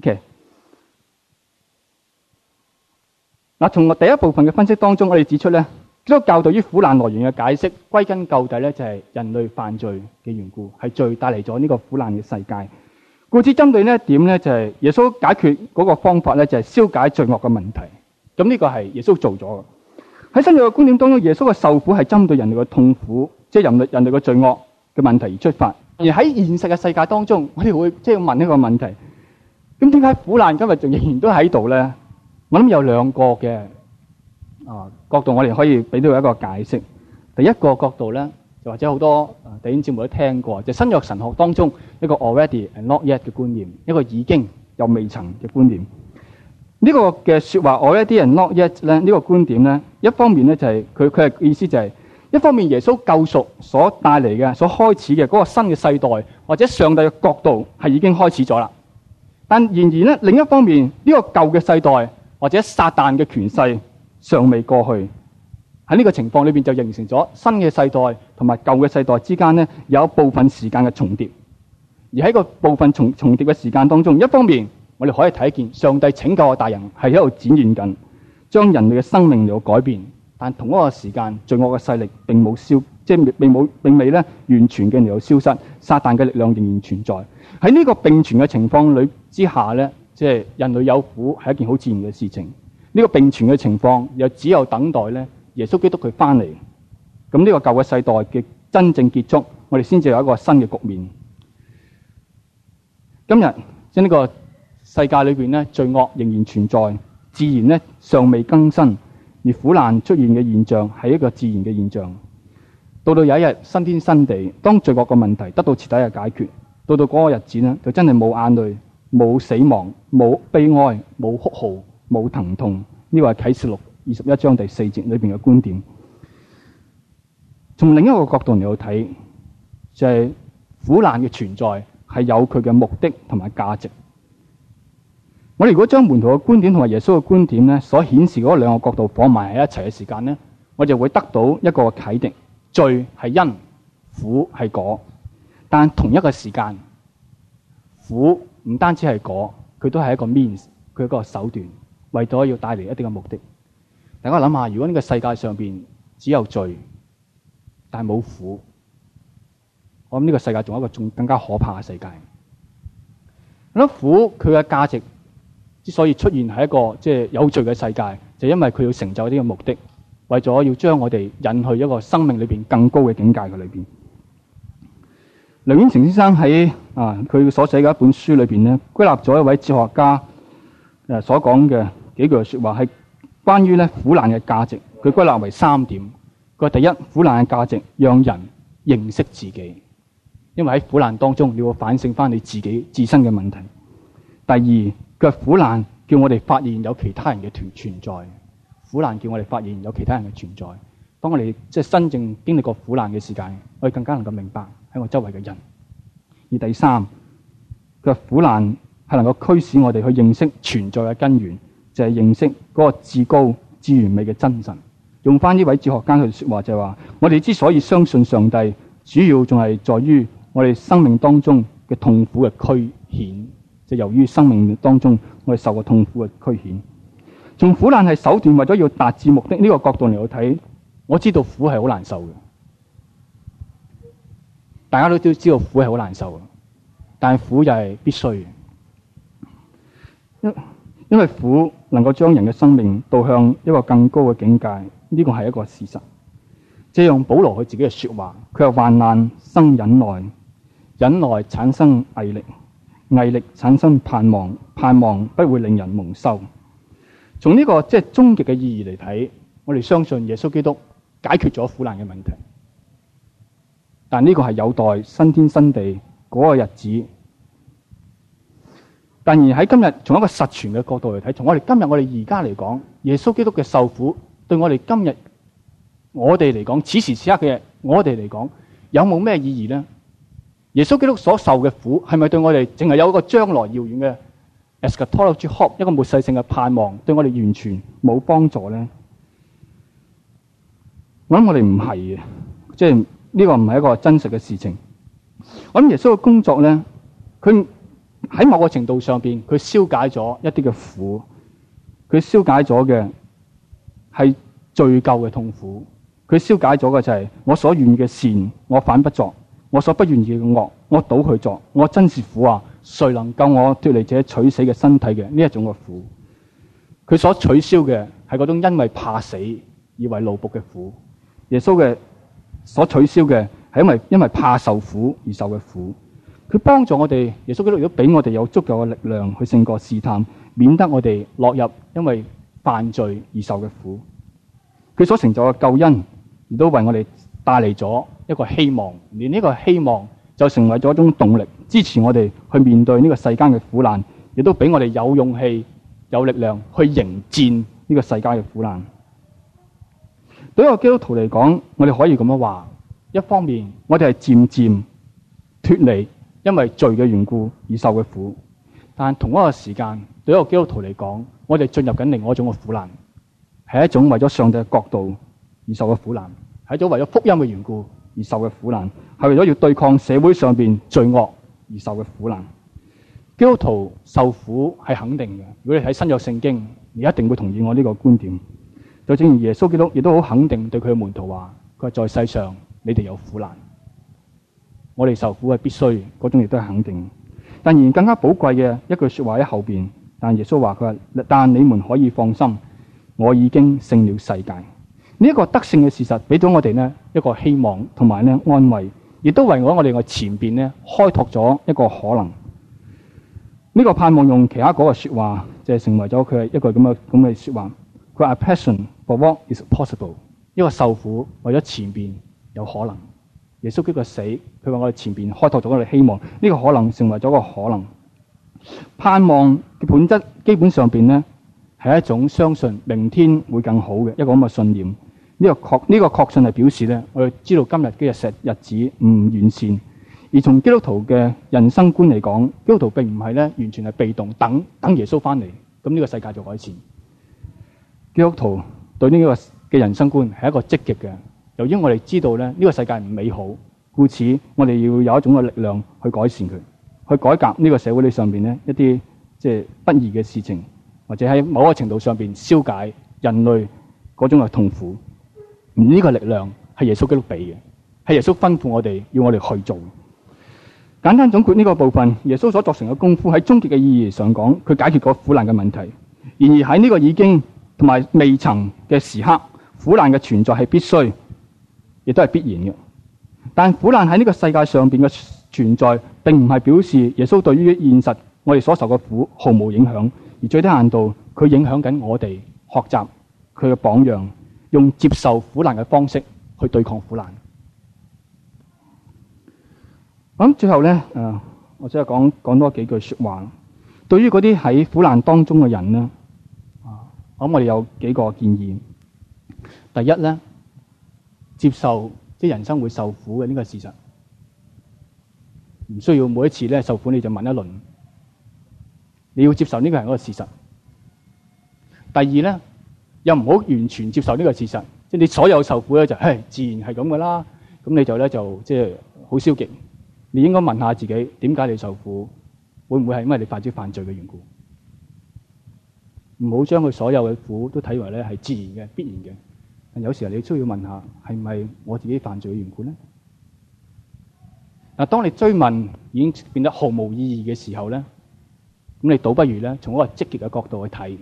OK，嗱，從我第一部分嘅分析當中，我哋指出咧，基督教對於苦難來源嘅解釋，歸根究底咧就係人類犯罪嘅緣故，係罪帶嚟咗呢個苦難嘅世界。故此針對呢一點咧，就係耶穌解決嗰個方法咧，就係消解罪惡嘅問題。咁呢個係耶穌做咗嘅。喺新約嘅觀點當中，耶穌嘅受苦係針對人類嘅痛苦，即係人類人類嘅罪惡嘅問題而出發。而喺現實嘅世界當中，我哋會即係問一個問題。咁點解苦難今日仲仍然都喺度咧？我諗有兩個嘅啊角度，我哋可以俾到一個解釋。第一個角度咧，就或者好多啊，電影節目都聽過，就新約神學當中一個 already and not yet 嘅觀念，一個已經又未曾嘅觀念。呢個嘅説話，already and not yet 咧，呢個觀點咧，一方面咧就係佢佢係意思就係一方面耶穌救贖所帶嚟嘅、所開始嘅嗰個新嘅世代，或者上帝嘅角度係已經開始咗啦。但然而咧，另一方面呢，呢個舊嘅世代或者撒旦嘅權勢尚未過去，喺呢個情況裏邊就形成咗新嘅世代同埋舊嘅世代之間呢有一部分時間嘅重疊，而喺個部分重重疊嘅時間當中，一方面我哋可以睇見上帝拯救嘅大人係喺度展現緊，將人類嘅生命嚟到改變，但同一個時間罪惡嘅勢力並冇消，即係並冇並未咧完全嘅嚟到消失，撒旦嘅力量仍然存在。喺呢個並存嘅情況裏之下咧，即係人類有苦係一件好自然嘅事情。呢個並存嘅情況又只有等待咧，耶穌基督佢翻嚟，咁呢個舊嘅世代嘅真正結束，我哋先至有一個新嘅局面。今日喺呢個世界裏邊咧，罪惡仍然存在，自然咧尚未更新，而苦難出現嘅現象係一個自然嘅現象。到到有一日新天新地，當罪惡嘅問題得到徹底嘅解決。到到嗰個日子咧，就真係冇眼淚、冇死亡、冇悲哀、冇哭號、冇疼痛。呢個係啟示錄二十一章第四節裏邊嘅觀點。從另一個角度嚟去睇，就係苦難嘅存在係有佢嘅目的同埋價值。我哋如果將門徒嘅觀點同埋耶穌嘅觀點咧，所顯示嗰兩個角度放埋喺一齊嘅時間咧，我就會得到一個啟迪：罪係因，苦係果。但同一個時間，苦唔單止係果，佢都係一個 means，佢一個手段，為咗要帶嚟一定嘅目的。大家諗下，如果呢個世界上邊只有罪，但係冇苦，我諗呢個世界仲有一個仲更加可怕嘅世界。咁苦佢嘅價值之所以出現喺一個即係有罪嘅世界，就是、因為佢要成就一啲嘅目的，為咗要將我哋引去一個生命裏邊更高嘅境界嘅裏邊。梁燕城先生喺啊，佢所寫嘅一本書裏邊咧，歸納咗一位哲學家誒所講嘅幾句說話，係關於咧苦難嘅價值。佢歸納為三點。佢話第一，苦難嘅價值讓人認識自己，因為喺苦難當中，你要反省翻你自己自身嘅問題。第二，佢話苦難叫我哋發現有其他人嘅存存在，苦難叫我哋發現有其他人嘅存在。當我哋即係真正經歷過苦難嘅時間，我哋更加能夠明白喺我周圍嘅人。而第三，佢話苦難係能夠驅使我哋去認識存在嘅根源，就係認識嗰個至高至完美嘅真神。用翻呢位哲學家嘅說話就係話，我哋之所以相信上帝，主要仲係在於我哋生命當中嘅痛苦嘅驅顯，即係由於生命當中我哋受過痛苦嘅驅顯。從苦難係手段，為咗要達至目的呢個角度嚟去睇。我知道苦係好難受嘅，大家都知知道苦係好難受嘅，但係苦又係必須嘅，因因為苦能夠將人嘅生命導向一個更高嘅境界，呢個係一個事實。借用保羅佢自己嘅說話，佢話患難生忍耐，忍耐產生毅力，毅力產生盼望，盼望不會令人蒙羞。從呢個即係終極嘅意義嚟睇，我哋相信耶穌基督。解決咗苦難嘅問題，但呢個係有待新天新地嗰、那個日子。但而喺今日，從一個實存嘅角度嚟睇，從我哋今日我哋而家嚟講，耶穌基督嘅受苦對我哋今日我哋嚟講，此時此刻嘅我哋嚟講，有冇咩意義咧？耶穌基督所受嘅苦係咪對我哋淨係有一個將來遙遠嘅 eschatological hope，一個末世性嘅盼望，對我哋完全冇幫助咧？咁我哋唔係嘅，即係呢個唔係一個真實嘅事情。我諗耶穌嘅工作咧，佢喺某個程度上邊，佢消解咗一啲嘅苦，佢消解咗嘅係罪疚嘅痛苦。佢消解咗嘅就係我所願意嘅善，我反不作；我所不願意嘅惡，我倒去作。我真是苦啊！誰能夠我脫離這取死嘅身體嘅呢一種嘅苦？佢所取消嘅係嗰種因為怕死而為奴僕嘅苦。耶穌嘅所取消嘅係因為因為怕受苦而受嘅苦，佢幫助我哋。耶穌基督如果俾我哋有足夠嘅力量去勝過試探，免得我哋落入因為犯罪而受嘅苦。佢所成就嘅救恩，亦都為我哋帶嚟咗一個希望。連呢個希望就成為咗一種動力，支持我哋去面對呢個世間嘅苦難，亦都俾我哋有勇氣、有力量去迎戰呢個世間嘅苦難。對一個基督徒嚟講，我哋可以咁樣話：，一方面，我哋係漸漸脫離因為罪嘅緣故而受嘅苦；，但同一個時間，對一個基督徒嚟講，我哋進入緊另外一種嘅苦難，係一種為咗上帝嘅國度而受嘅苦難，係一種為咗福音嘅緣故而受嘅苦難，係為咗要對抗社會上邊罪惡而受嘅苦難。基督徒受苦係肯定嘅，如果你喺新約聖經，你一定會同意我呢個觀點。就正如耶穌基督亦都好肯定對佢嘅門徒話：佢話，在世上你哋有苦難，我哋受苦係必須，嗰種亦都係肯定。但然更加寶貴嘅一句說話喺後面，但耶穌話佢話：但你們可以放心，我已經勝了世界。呢一個得勝嘅事實俾到我哋呢一個希望同埋呢，安慰，亦都為我我哋嘅前面呢，開拓咗一個可能。呢個盼望用其他嗰個說話就係成為咗佢係一個咁嘅咁嘅說話。A passion for what is possible，因為受苦為咗前邊有可能。耶穌基督嘅死，佢話我哋前邊開拓咗我哋希望，呢、這個可能成為咗個可能。盼望嘅本質基本上邊咧係一種相信明天會更好嘅一個咁嘅信念。呢、這個確呢、這個確信係表示咧我哋知道今日嘅石日子唔完善。而從基督徒嘅人生觀嚟講，基督徒並唔係咧完全係被動等等耶穌翻嚟，咁、這、呢個世界就改善。基督徒對呢個嘅人生觀係一個積極嘅。由於我哋知道咧，呢個世界唔美好，故此我哋要有一種嘅力量去改善佢，去改革呢個社會裏上邊呢一啲即係不義嘅事情，或者喺某個程度上邊消解人類嗰種嘅痛苦。而呢個力量係耶穌基督俾嘅，係耶穌吩咐我哋要我哋去做。簡單總括呢個部分，耶穌所作成嘅功夫喺終極嘅意義上講，佢解決過苦難嘅問題。然而喺呢個已經。同埋未曾嘅時刻，苦難嘅存在係必須，亦都係必然嘅。但苦難喺呢個世界上邊嘅存在，並唔係表示耶穌對於現實我哋所受嘅苦毫無影響，而最低限度佢影響緊我哋學習佢嘅榜樣，用接受苦難嘅方式去對抗苦難。咁最後咧，誒，我只係講講多幾句說話。對於嗰啲喺苦難當中嘅人呢，咁我哋有幾個建議。第一咧，接受即係人生會受苦嘅呢個事實，唔需要每一次咧受苦你就問一輪。你要接受呢個係一個事實。第二咧，又唔好完全接受呢個事實，即係你所有受苦咧就是哎，自然係咁噶啦。咁你就咧就即係好消極。你應該問下自己，點解你受苦？會唔會係因為你犯咗犯罪嘅緣故？唔好將佢所有嘅苦都睇為咧係自然嘅、必然嘅。但有時你需要問下，係唔係我自己犯罪嘅緣故咧？嗱，當你追問已經變得毫無意義嘅時候咧，咁你倒不如咧從一個積極嘅角度去睇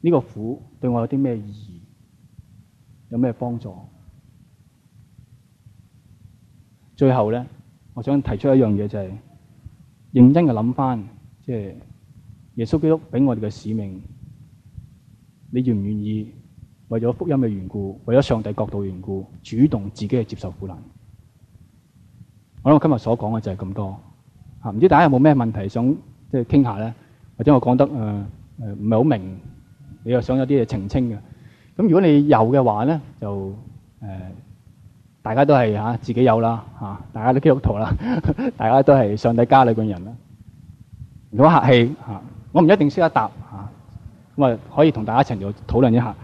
呢個苦對我有啲咩意義，有咩幫助？最後咧，我想提出一樣嘢就係認真嘅諗翻，即係耶穌基督俾我哋嘅使命。你願唔願意為咗福音嘅緣故，為咗上帝角度緣故，主動自己去接受苦難？我諗我今日所講嘅就係咁多吓，唔知大家有冇咩問題想即係傾下咧，或者我講得誒誒唔係好明，你又想有啲嘢澄清嘅？咁如果你有嘅話咧，就誒、呃，大家都係吓、啊、自己有啦吓、啊，大家都基督徒啦， 大家都係上帝家裏嘅人啦。唔好客氣吓、啊，我唔一定識得答。我哋可以同大家一齊又討論一下。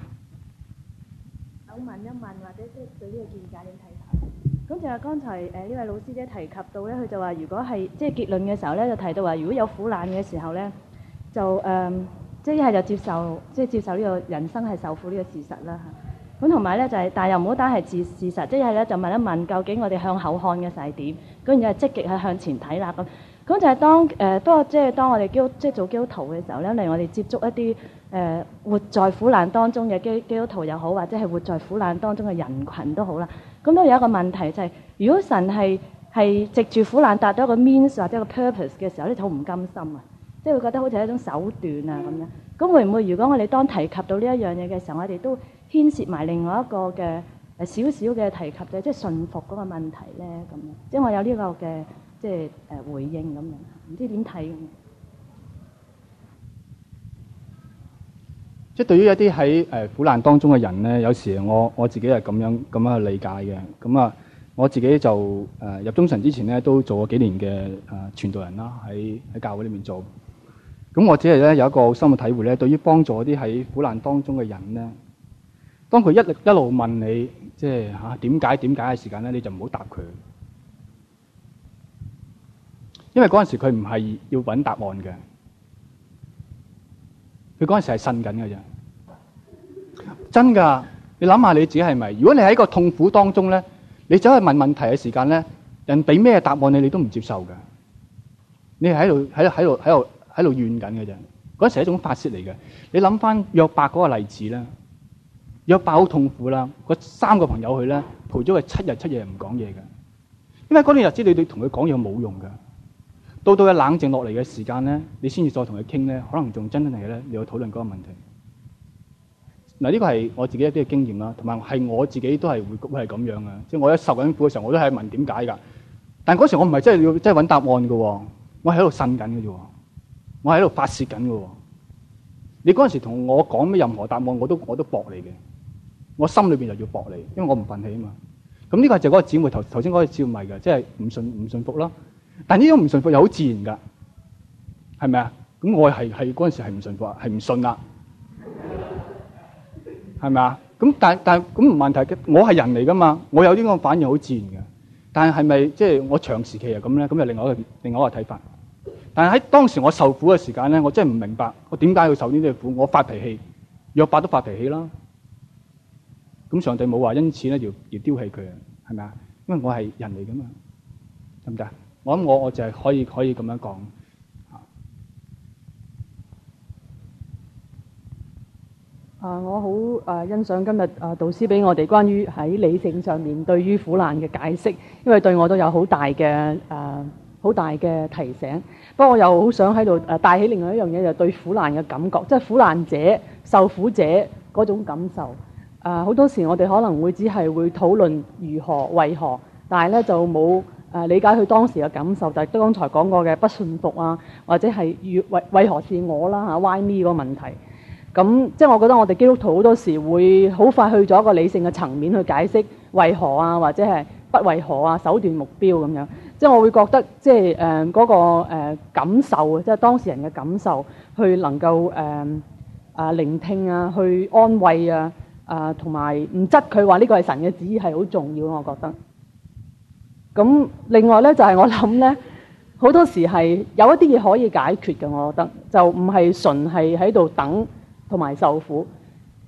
想問一問，或者即係對呢個見解點睇？咁就係剛才誒呢、呃、位老師姐提及到咧，佢就話：如果係即係結論嘅時候咧，就提到話如果有苦難嘅時候咧，就誒即係一係就是、接受，即、就、係、是、接受呢個人生係受苦呢個事實啦嚇。咁同埋咧就係，但係又唔好單係自事實，即係一咧就問一問究竟我哋向後看嘅係點？咁然之後積極係向前睇啦咁。咁就係當誒，不過即係當我哋即係做基督徒嘅時候咧，例如我哋接觸一啲。誒活在苦難當中嘅基基督徒又好，或者係活在苦難當中嘅人群都好啦。咁都有一個問題，就係，就係如果神係係藉住苦難達到一個 means 或者一個 purpose 嘅時候，咧就好唔甘心啊！即係會覺得好似係一種手段啊咁樣。咁會唔會如果我哋當提及到呢一樣嘢嘅時候，我哋都牽涉埋另外一個嘅誒少少嘅提及嘅，就係，即係信服嗰個問題咧？咁即係我有呢個嘅即係誒回應咁樣，唔知點睇。即係對於一啲喺誒苦難當中嘅人咧，有時我我自己係咁樣咁樣去理解嘅。咁啊，我自己，我自己就誒入中神之前咧，都做過幾年嘅誒傳道人啦，喺喺教會裏面做。咁我只係咧有一個深嘅體會咧，對於幫助一啲喺苦難當中嘅人咧，當佢一一路問你，即係嚇點解點解嘅時間咧，你就唔好答佢，因為嗰陣時佢唔係要揾答案嘅。佢嗰陣時係呻緊嘅啫，真噶！你諗下你自己係咪？如果你喺一個痛苦當中咧，你走去問問題嘅時間咧，人俾咩答案你，你都唔接受㗎。你係喺度喺度喺度喺度喺度怨緊嘅啫。嗰陣時係一種發泄嚟嘅。你諗翻約伯嗰個例子啦，約伯好痛苦啦，嗰三個朋友去咧，陪咗佢七日七夜唔講嘢嘅，因為嗰段日子你哋同佢講嘢冇用㗎。到到一冷靜落嚟嘅時間咧，你先至再同佢傾咧，可能仲真係咧，你要討論嗰個問題。嗱，呢個係我自己一啲嘅經驗啦，同埋係我自己都係會係咁樣嘅，即係我一受緊苦嘅時候，我都係問點解㗎。但嗰時我唔係真係要真係揾答案喎，我係喺度呻緊嘅啫，我喺度發泄緊嘅喎。你嗰時同我講咩任何答案，我都我都駁你嘅，我心裏面就要駁你，因為我唔憤氣啊嘛。咁呢個就係嗰個姊妹頭頭先嗰個笑咪嘅，即係唔信唔信服啦。但呢種唔信服又好自然㗎，係咪啊？咁我係係嗰陣時係唔信服，係唔信啦，係咪啊？咁但但咁唔問題嘅，我係人嚟㗎嘛，我有呢個反應好自然嘅。但係係咪即係我長時期係咁咧？咁就另外一個另外一個睇法。但係喺當時我受苦嘅時間咧，我真係唔明白我點解要受呢啲苦。我發脾氣，約伯都發脾氣啦。咁上帝冇話因此咧要要丟棄佢，係咪啊？因為我係人嚟㗎嘛，得唔得？我諗我我就係可以可以咁樣講啊，我好啊，欣賞今日啊導師俾我哋關於喺理性上面對於苦難嘅解釋，因為對我都有好大嘅啊好大嘅提醒。不過我又好想喺度啊帶起另外一樣嘢，就對苦難嘅感覺，即係苦難者受苦者嗰種感受。啊，好多時我哋可能會只係會討論如何為何，但係咧就冇。誒理解佢當時嘅感受，就係、是、剛才講過嘅不信服啊，或者係為何是我啦嚇？Why me 個問題？咁即係我覺得我哋基督徒好多時會好快去咗一個理性嘅層面去解釋為何啊，或者係不為何啊手段目標咁樣。即係我會覺得即係誒嗰個、呃、感受，即係當事人嘅感受，去能夠誒啊聆聽啊，去安慰啊啊同埋唔質佢話呢個係神嘅旨意係好重要的，我覺得。咁另外咧，就係我諗咧，好多時係有一啲嘢可以解決嘅，我覺得就唔係純係喺度等同埋受苦。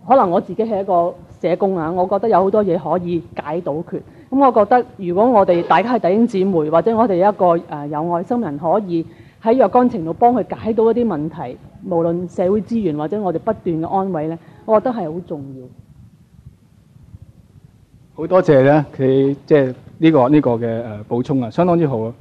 可能我自己係一個社工啊，我覺得有好多嘢可以解到決。咁我覺得，如果我哋大家係弟兄姊妹，或者我哋一個誒有愛心人，可以喺若干程度幫佢解到一啲問題，無論社會資源或者我哋不斷嘅安慰咧，我覺得係好重要。好多謝咧，佢即係。呢個呢個嘅誒補充啊，相當之好啊！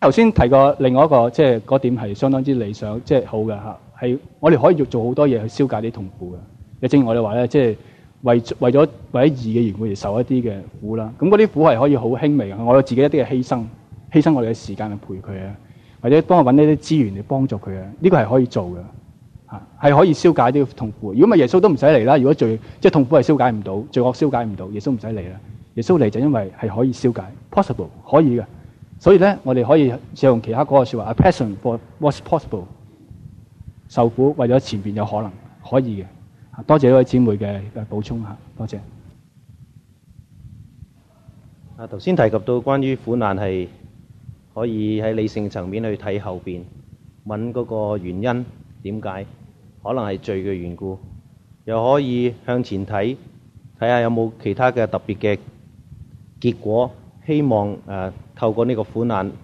頭先提過另外一個，即係嗰點係相當之理想，即係好嘅嚇。係我哋可以做做好多嘢去消解啲痛苦嘅。亦正如我哋話咧，即係為為咗為咗義嘅緣故而受一啲嘅苦啦。咁嗰啲苦係可以好輕微嘅。我有自己一啲嘅犧牲，犧牲我哋嘅時間去陪佢啊，或者幫我揾一啲資源嚟幫助佢啊。呢個係可以做嘅，嚇係可以消解啲痛苦嘅。如果咪耶穌都唔使嚟啦。如果罪即係痛苦係消解唔到，罪惡消解唔到，耶穌唔使嚟啦。耶穌嚟就因為係可以消解，possible 可以嘅，所以咧我哋可以借用其他嗰個説話，a passion for what's possible，受苦為咗前邊有可能可以嘅，多謝呢位姊妹嘅嘅補充嚇，多謝。啊，頭先提及到關於苦難係可以喺理性層面去睇後邊，問嗰個原因點解，可能係罪嘅緣故，又可以向前睇，睇下有冇其他嘅特別嘅。結果希望誒、呃、透過呢個苦難，呢、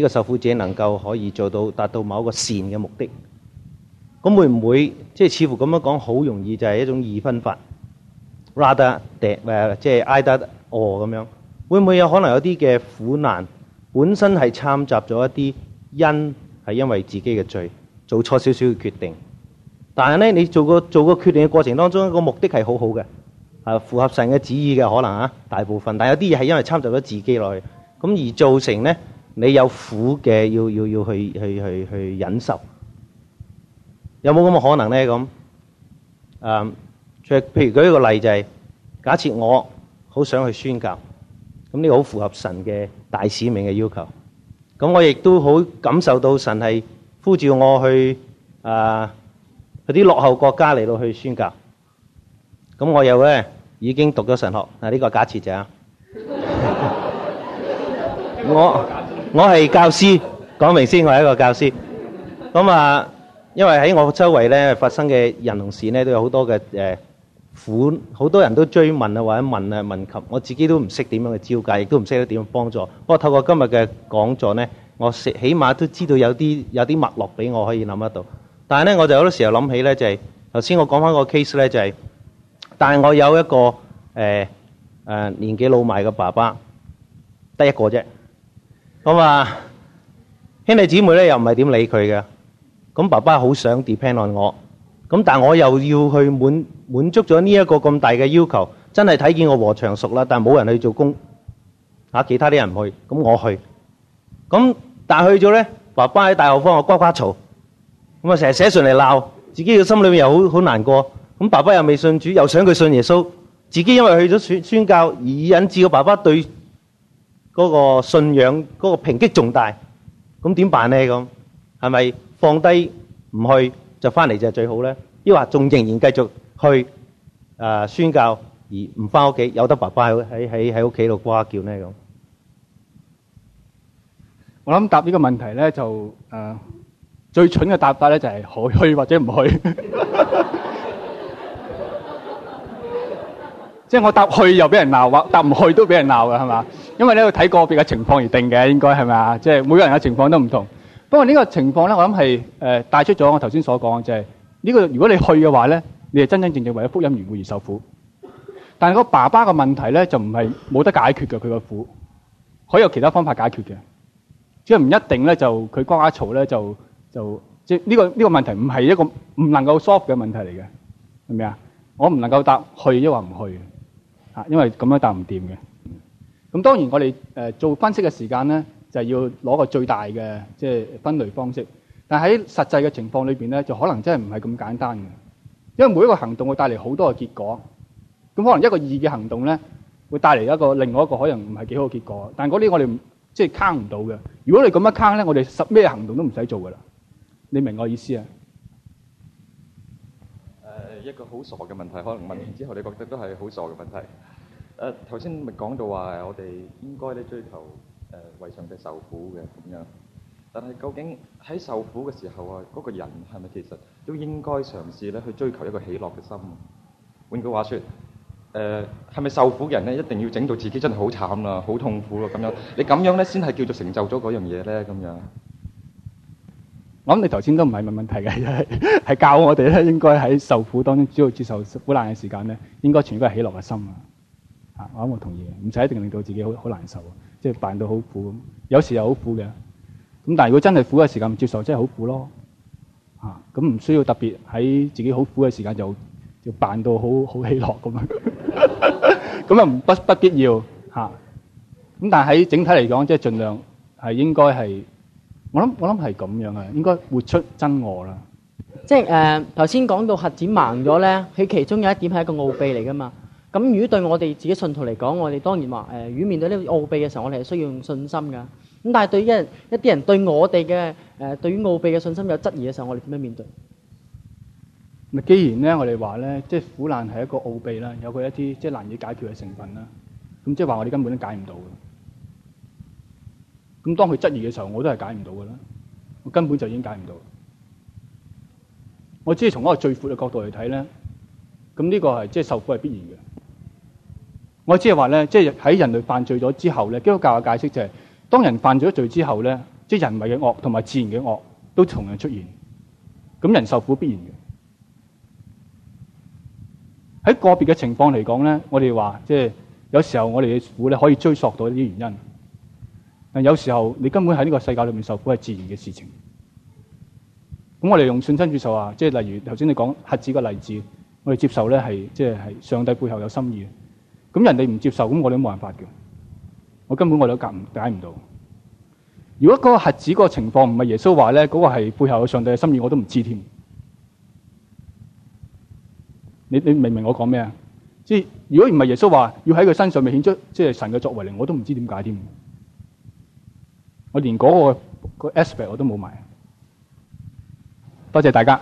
這個受苦者能夠可以做到達到某一個善嘅目的，咁會唔會即係似乎咁樣講好容易就係一種二分法，rather that 誒即係 either or 咁樣，會唔會有可能有啲嘅苦難本身係參雜咗一啲因係因為自己嘅罪做錯少少嘅決定，但係咧你做個做個決定嘅過程當中一個目的係好好嘅。啊，符合神嘅旨意嘅可能啊，大部分，但有啲嘢係因為摻雜咗自己落去，咁而造成咧，你有苦嘅，要要要去去去去忍受。有冇咁嘅可能咧？咁、嗯，誒，譬如舉一個例就係，假設我好想去宣教，咁、這、呢個好符合神嘅大使命嘅要求，咁我亦都好感受到神係呼召我去啊，嗰啲、呃、落後國家嚟到去宣教，咁我又咧。已經讀咗神學，嗱、這、呢個假設就係。我我係教師，講明先，我係一個教師。咁啊，因為喺我周圍咧發生嘅人同事咧都有好多嘅誒、呃、苦，好多人都追問啊、或者問啊、問及，我自己都唔識點樣去招架，亦都唔識得點樣幫助。不過透過今日嘅講座咧，我食起碼都知道有啲有啲脈絡俾我可以諗得到。但係咧，我就好多時候諗起咧，就係頭先我講翻個 case 咧，就係、是。但係我有一個誒誒年紀老邁嘅爸爸，得一個啫。咁啊，兄弟姊妹咧又唔係點理佢嘅。咁爸爸好想 depend on 我，咁但我又要去滿滿足咗呢一個咁大嘅要求，真係睇見我和長熟啦，但係冇人去做工，吓其他啲人唔去，咁我去，咁但係去咗咧，爸爸喺大學方我呱呱嘈，咁啊成日寫信嚟鬧，自己嘅心裏面又好好難過。咁爸爸又未信主，又想佢信耶穌，自己因為去咗宣宣教，而引致個爸爸對嗰個信仰嗰、嗰個抨擊仲大，咁點辦咧？咁係咪放低唔去就翻嚟就最好咧？抑或仲仍然繼續去誒、呃、宣教而唔翻屋企，由得爸爸喺喺喺喺屋企度呱叫咧？咁我諗答呢個問題咧，就誒、呃、最蠢嘅答法咧就係、是、可去或者唔去。 即係我答去又俾人鬧，或答唔去都俾人鬧嘅，係嘛？因為咧要睇個別嘅情況而定嘅，應該係咪啊？即係每個人嘅情況都唔同。不過呢個情況咧，我諗係誒帶出咗我頭先所講，就係呢個。如果你去嘅話咧，你係真真正正為咗福音傳布而受苦。但係個爸爸嘅問題咧，就唔係冇得解決嘅，佢個苦可以有其他方法解決嘅，即係唔一定咧就佢關下嘈咧就就即係呢個呢個問題唔係一個唔能夠 solve 嘅問題嚟嘅，係咪啊？我唔能夠答去抑或唔去。啊，因為咁樣答唔掂嘅。咁當然我哋誒、呃、做分析嘅時間咧，就係、是、要攞個最大嘅即係分類方式。但喺實際嘅情況裏邊咧，就可能真係唔係咁簡單嘅。因為每一個行動會帶嚟好多嘅結果。咁可能一個義嘅行動咧，會帶嚟一個另外一個可能唔係幾好嘅結果。但嗰啲我哋即係 count 唔到嘅。如果你咁樣 count 咧，我哋乜嘢行動都唔使做㗎啦。你明我意思啊？一個好傻嘅問題，可能問完之後你覺得都係好傻嘅問題。誒、呃，頭先咪講到話誒，我哋應該咧追求誒、呃、為上帝受苦嘅咁樣。但係究竟喺受苦嘅時候啊，嗰、那個人係咪其實都應該嘗試咧去追求一個喜樂嘅心？換句話說，誒係咪受苦嘅人咧一定要整到自己真係好慘呀、好痛苦呀咁樣？你咁樣咧先係叫做成就咗嗰樣嘢咧咁樣？我諗你頭先都唔係問問題嘅，係係教我哋咧，應該喺受苦當中，只要接受苦難嘅時間咧，應該全部都係喜樂嘅心啊！啊，我諗我同意，唔使一定令到自己好好難受，即係扮到好苦咁。有時又好苦嘅，咁但係如果真係苦嘅時間唔接受，真係好苦咯。啊，咁唔需要特別喺自己好苦嘅時間就就扮到好好喜樂咁樣，咁啊不不必要嚇。咁但係喺整體嚟講，即係儘量係應該係。我諗我諗係咁樣嘅，應該活出真我啦。即係誒，頭先講到核子盲咗咧，佢其中有一點係一個奧秘嚟噶嘛。咁如果對我哋自己信徒嚟講，我哋當然話誒，如果面對呢個奧秘嘅時候，我哋係需要用信心噶。咁但係對一一啲人對我哋嘅誒，對於奧秘嘅信心有質疑嘅時候，我哋點樣面對？咪既然咧，我哋話咧，即係苦難係一個奧秘啦，有佢一啲即係難以解決嘅成分啦。咁即係話我哋根本都解唔到。咁當佢質疑嘅時候，我都係解唔到噶啦，我根本就已經解唔到。我只係從一個最闊嘅角度嚟睇咧，咁、這、呢個係即係受苦係必然嘅。我只係話咧，即係喺人類犯罪咗之後咧，基督教嘅解釋就係、是，當人犯咗罪之後咧，即係人為嘅惡同埋自然嘅惡都同樣出現，咁人受苦必然嘅。喺個別嘅情況嚟講咧，我哋話即係有時候我哋嘅苦咧可以追溯到一啲原因。但有時候你根本喺呢個世界裏面受苦係自然嘅事情。咁我哋用信心接受啊，即係例如頭先你講核子個例子，我哋接受咧係即係係上帝背後有心意。咁人哋唔接受，咁我哋冇辦法嘅。我根本我哋都解唔解唔到。如果嗰個核子嗰個情況唔係耶穌話咧，嗰個係背後有上帝嘅心意，我都唔知添。你你明唔明我講咩啊？即係如果唔係耶穌話要喺佢身上面顯出即係神嘅作為嚟，我都唔知點解添。我連嗰、嗰個嗰個 aspect 我都冇埋，多謝大家。